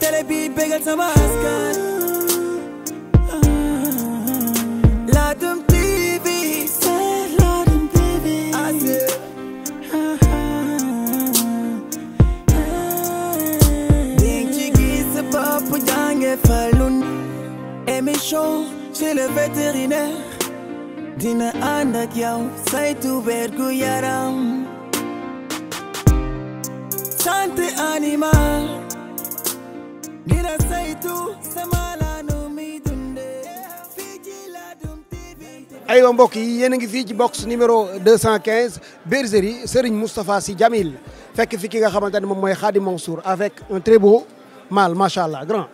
télé bi bégal sama askan Ladoum TV c'est Ladoum TV ding ci gis sa bopp jànge falun émission animal aywa mbokk yi yéen a ngi fii ci box numéro 215 bergerie Serigne Moustapha Sy Djamil fekk fi ki nga xamante ne moom mooy Khadim Mansour avec un très beau mâle macha allah grand.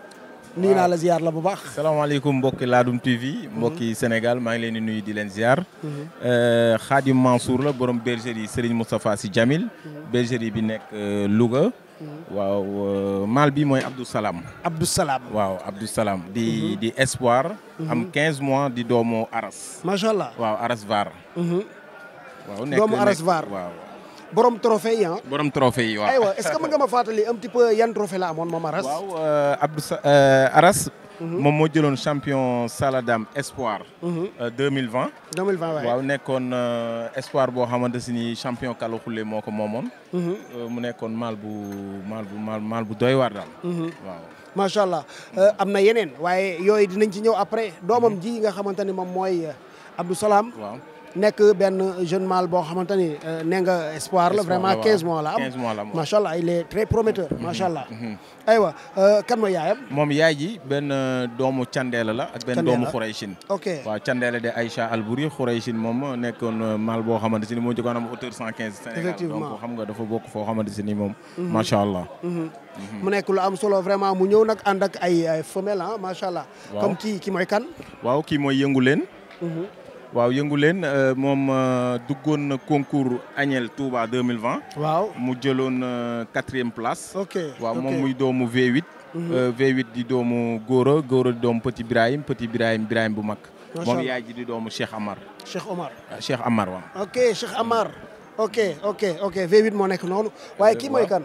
waaw la ziar la bu baax. salaamaaleykum mbokki Ladoum TV. mbokki mhm. Sénégal maa ngi leen di nuyu di leen ziar. Mhm. Euh, Khadim Mansour la borom bergerie Serigne Moustapha si jamil mhm. bergerie bi nekk euh, Louga. waaw euh, maal bi mooy Abdou Salam. Abdou Salam waaw Abdou di mhm. di Espoir. Mhm. am 15 mois di doomu Aras. macha allah waaw Aras Var. Mhm. waaw doomu Aras Var borom trophée ah. borom trophée yi waaw. est-ce que mën nga ma fàttali yan trophée la amoon moom Aras. waaw euh, Abdou euh, Aras Mhm. moom moo jëloon champion Saladam Espoir. 2020. 2020 waaye waaw nekkoon euh, Espoir boo xamante si ni champion Kalla Khoule moo ko moomoon. Mhm. Euh, mu nekkoon maal bu maal bu maal maal bu doy waar daal. Mhm. waaw macha allah euh, am na yeneen waaye yooyu dinañ ci ñëw après doomam ji nga xamante ni moom mooy Abdou Salam. waaw nekk benn jeune mâle boo xamante ni euh, nee nga espoir la vraiment 15 mois la am 15 mois la am mhm, mhm, mhm. Euh, moom yaay ji benn euh, doomu Candeela la ak benn doomu Khouraychine. ok waaw Candeela de Aïcha Albouri Khouraychine moom nekkoon mâle boo xamante ni moo jëkkoon xam nga dafa bokk foo xamante ni moom. macha allah. mu nekk lu am solo vraiment mu ñëw nag ànd ak ay femelle ah macha allah. comme kii kii mooy kan. waaw kii mooy yëngu leen. waaw yëngu leen euh, moom euh, duggoon na concours Agnel Touba 2020. waaw mu jëloon euh, quatrième place. ok waaw moom muy doomu V8. Mhm. V8 di doomu Gora Gora di doomu Petit Birahim Petit Birahim Birahim bu mag. moom yaay ji di doomu Cheikh Amar. Cheikh ah, Amar ok Cheikh Amar. ok ok ok V8 moo nekk noonu. waaye kii mooy kan.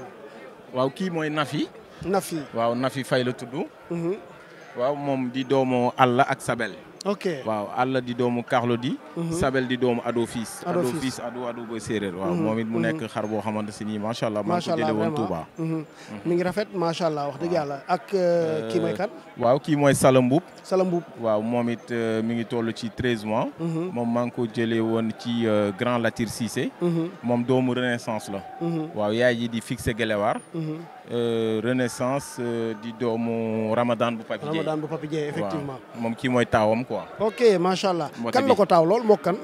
waaw kii mooy Nafi. Nafi waaw Nafi Faye la tudd. Mhm. waaw moom di doomu Alla ak Sabel. ok waaw àll di doomu Carlo di mhm. Sabel di doomu Ado Fils Ado Fils Ado Ado ba séeréer waaw mhm, moom it mu mhm. nekk xar boo xamante si nii macha allah maa ngi ko jëlee woon Touba mi ngi rafet macha allah wax dëgg yàlla ak euh, euh, kii mooy kan waaw kii mooy waaw moom it euh, mi ngi toll ci treize moom maa ngi ko jële woon ci Grand Latir Cissé moom doomu Renaissance la waaw yaay ji di fixé Gelewaar Renaissance di doomu Ramadan bu Papi moom kii mooy taawam quoi. ok macha allah. kan la ko taaw lool moo kan.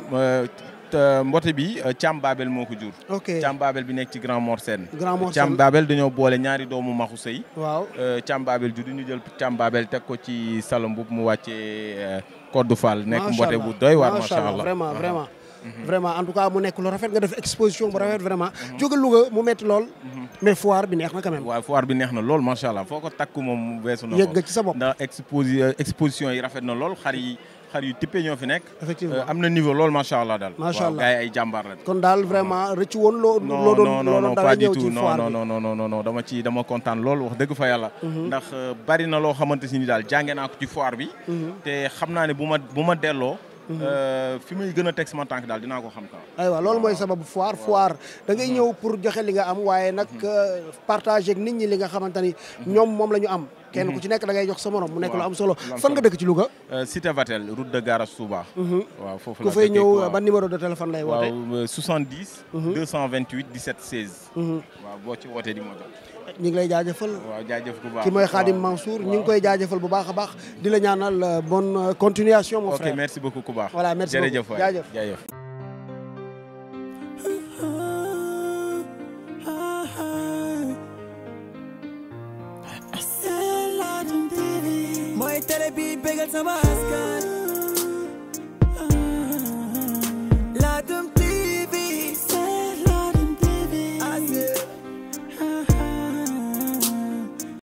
Euh, mbote bi euh, Thiam Babel moo ko jur. ok Thiam Babel bi nekk ci Grand Mor Sène. Grand Mor Sène Thiam Babel dañoo boole ñaari doomu maxu sëy. waaw euh, Thiam Babel jur ñu jël Thiam Babel teg ko ci salon boobu mu wàccee Codou Fall. nekk mbote bu doy waar macha allah Mhm. vraiment en tout cas mu nekk lu rafet nga def exposition bu rafet vraiment. jóge Louga mu metti lool. Mhm. mais foire bi neex na quand même. waaw foire bi neex na lool macha allah foo ko takk moom weesu na. Euh, yi rafet na lool xar yi. xar yu tippee ñoo fi nekk. effectivement euh, am na niveau lool macha allah daal. macha allah ay jàmbaar la. kon daal vraiment mhm. rëcc woon loo. loo doon loo doon dara ñëw ci foire dama ci dama kontaan lool wax dëgg fa yàlla. ndax euh, bari na loo xamante si ni daal jànge naa ko ci foire bi. te xam naa ne bu ma bu ma delloo. Euh, fi may gën a teg sama tànk daal dinaa ko xam quoi. aywa lool mooy sababu foire foire da ngay ñëw pour joxe li nga am waaye nag mhm. euh, partage ak nit ñi li nga xamante ni mhm. ñoom moom la ñu am kenn ku ci nekk da ngay jox sa mu nekk lu am solo fan nga dëkk ci Louga euh, cité Vatel route de garage Touba mhm. waaw foofu la ku fay ñëw ban numéro de téléphone lay woote waaw 70 228 17 16 waaw boo ci wootee di ma jot ñu lay jaajëfal bu baax ki mooy Khadim Mansour ñu koy jaajëfal bu baax a baax di la ñaanal euh, bonne continuation mon merci beaucoup ku baax voilà merci beaucoup jaajëf xale bi bégal sama askan